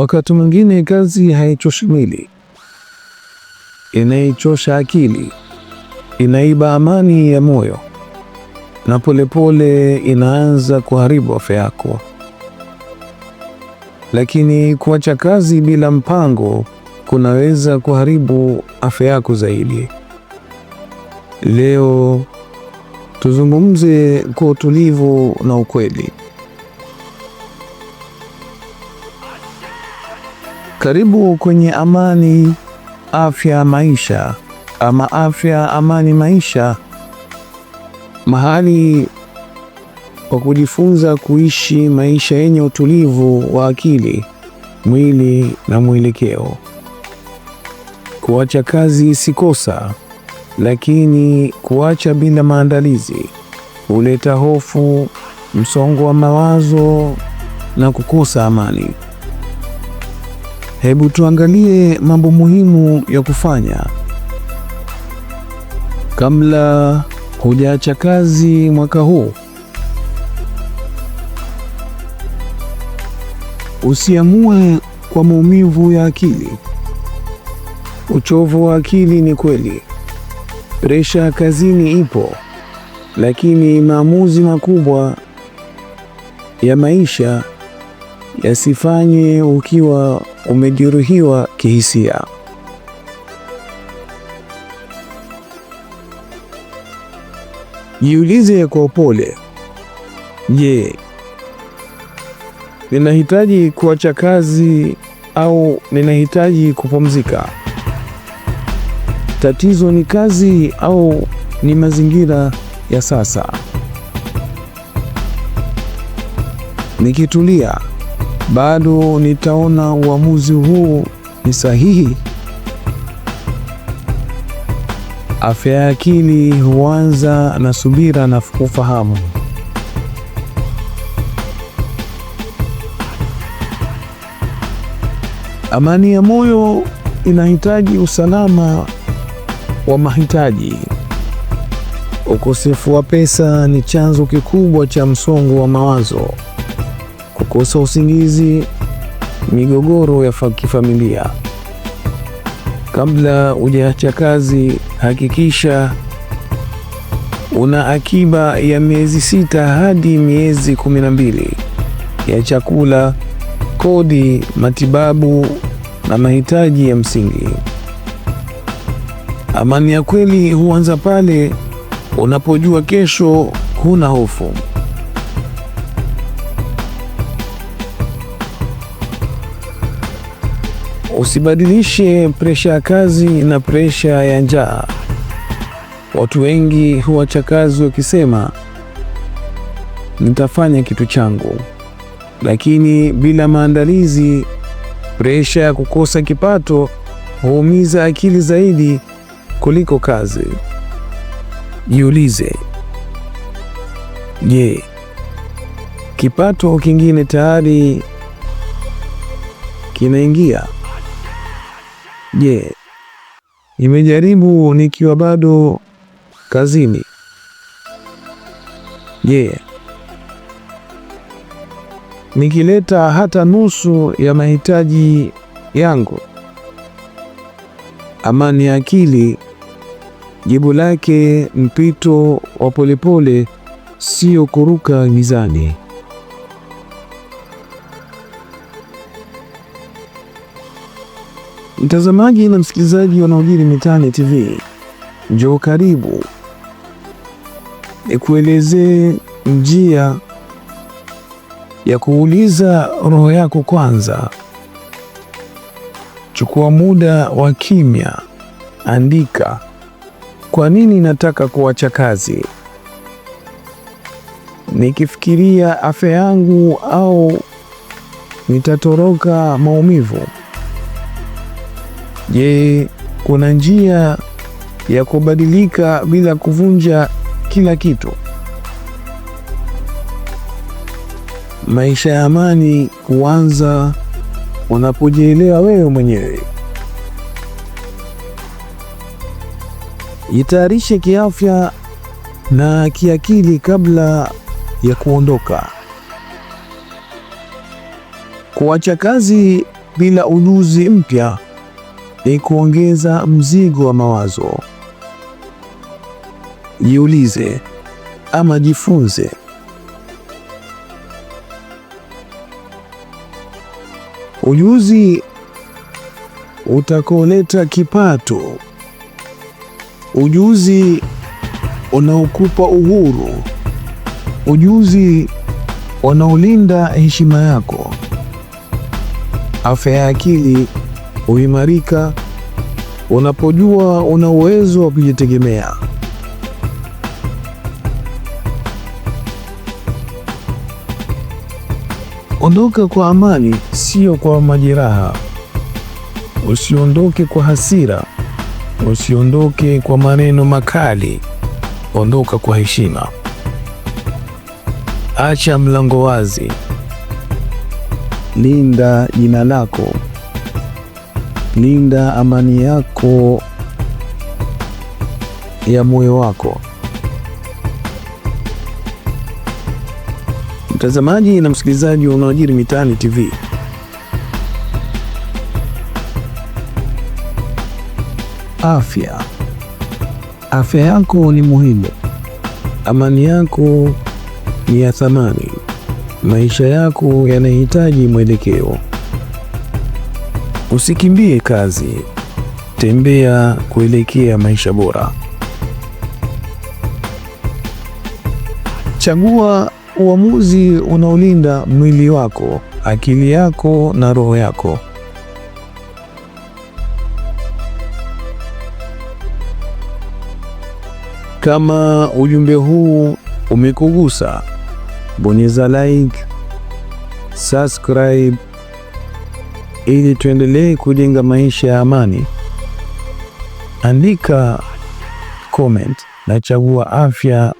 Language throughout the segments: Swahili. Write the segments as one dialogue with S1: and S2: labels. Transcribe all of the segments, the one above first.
S1: Wakati mwingine kazi haichoshi mwili, inaichosha akili, inaiba amani ya moyo, na polepole inaanza kuharibu afya yako. Lakini kuacha kazi bila mpango kunaweza kuharibu afya yako zaidi. Leo tuzungumze kwa utulivu na ukweli. Karibu kwenye Amani Afya Maisha ama Afya Amani Maisha, mahali kwa kujifunza kuishi maisha yenye utulivu wa akili, mwili na mwelekeo. Kuacha kazi si kosa, lakini kuacha bila maandalizi huleta hofu, msongo wa mawazo na kukosa amani hebu tuangalie mambo muhimu ya kufanya kabla hujaacha kazi mwaka huu. Usiamue kwa maumivu ya akili. Uchovu wa akili ni kweli, presha kazini ipo, lakini maamuzi makubwa ya maisha yasifanye ukiwa umejeruhiwa kihisia. Jiulize kwa upole, je, ninahitaji kuacha kazi au ninahitaji kupumzika? Tatizo ni kazi au ni mazingira ya sasa? Nikitulia bado nitaona uamuzi huu ni sahihi. Afya ya akili huanza na subira na ufahamu. Amani ya moyo inahitaji usalama wa mahitaji. Ukosefu wa pesa ni chanzo kikubwa cha msongo wa mawazo kukosa usingizi, migogoro ya kifamilia. Kabla hujaacha kazi, hakikisha una akiba ya miezi sita hadi miezi kumi na mbili ya chakula, kodi, matibabu na mahitaji ya msingi. Amani ya kweli huanza pale unapojua kesho huna hofu. Usibadilishe presha ya kazi na presha ya njaa. Watu wengi huacha kazi wakisema nitafanya kitu changu, lakini bila maandalizi, presha ya kukosa kipato huumiza akili zaidi kuliko kazi. Jiulize, je, kipato kingine tayari kinaingia? Je, yeah. nikiwa bado kazini. Je, yeah. Nikileta hata nusu ya mahitaji yangu, amani ya akili. Jibu lake mpito wa polepole, sio kuruka gizani. Mtazamaji na msikilizaji yanayojiri mitaani TV, njoo karibu nikuelezee njia ya kuuliza roho yako kwanza. Chukua muda wa kimya, andika kwa nini nataka kuacha kazi, nikifikiria afya yangu au nitatoroka maumivu Je, kuna njia ya kubadilika bila kuvunja kila kitu? Maisha ya amani huanza unapojielewa wewe mwenyewe. Jitayarishe kiafya na kiakili kabla ya kuondoka. Kuacha kazi bila ujuzi mpya ni kuongeza mzigo wa mawazo. Jiulize ama jifunze. Ujuzi utakaoleta kipato, ujuzi unaokupa uhuru, ujuzi unaolinda heshima yako, afya ya akili huimarika unapojua una uwezo wa kujitegemea. Ondoka kwa amani, sio kwa majeraha. Usiondoke kwa hasira, usiondoke kwa maneno makali. Ondoka kwa heshima. Acha mlango wazi, linda jina lako linda amani yako ya moyo wako. Mtazamaji na msikilizaji wa yanayojiri mitaani TV, afya afya yako ni muhimu, amani yako ni ya thamani, maisha yako yanahitaji mwelekeo. Usikimbie kazi, tembea kuelekea maisha bora. Chagua uamuzi unaolinda mwili wako, akili yako na roho yako. Kama ujumbe huu umekugusa, bonyeza like, subscribe ili tuendelee kujenga maisha ya amani. Andika comment na chagua afya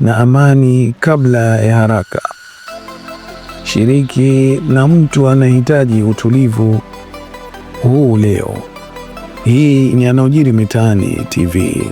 S1: na amani kabla ya haraka. Shiriki na mtu anahitaji utulivu huu leo. Hii ni yanayojiri mitaani TV.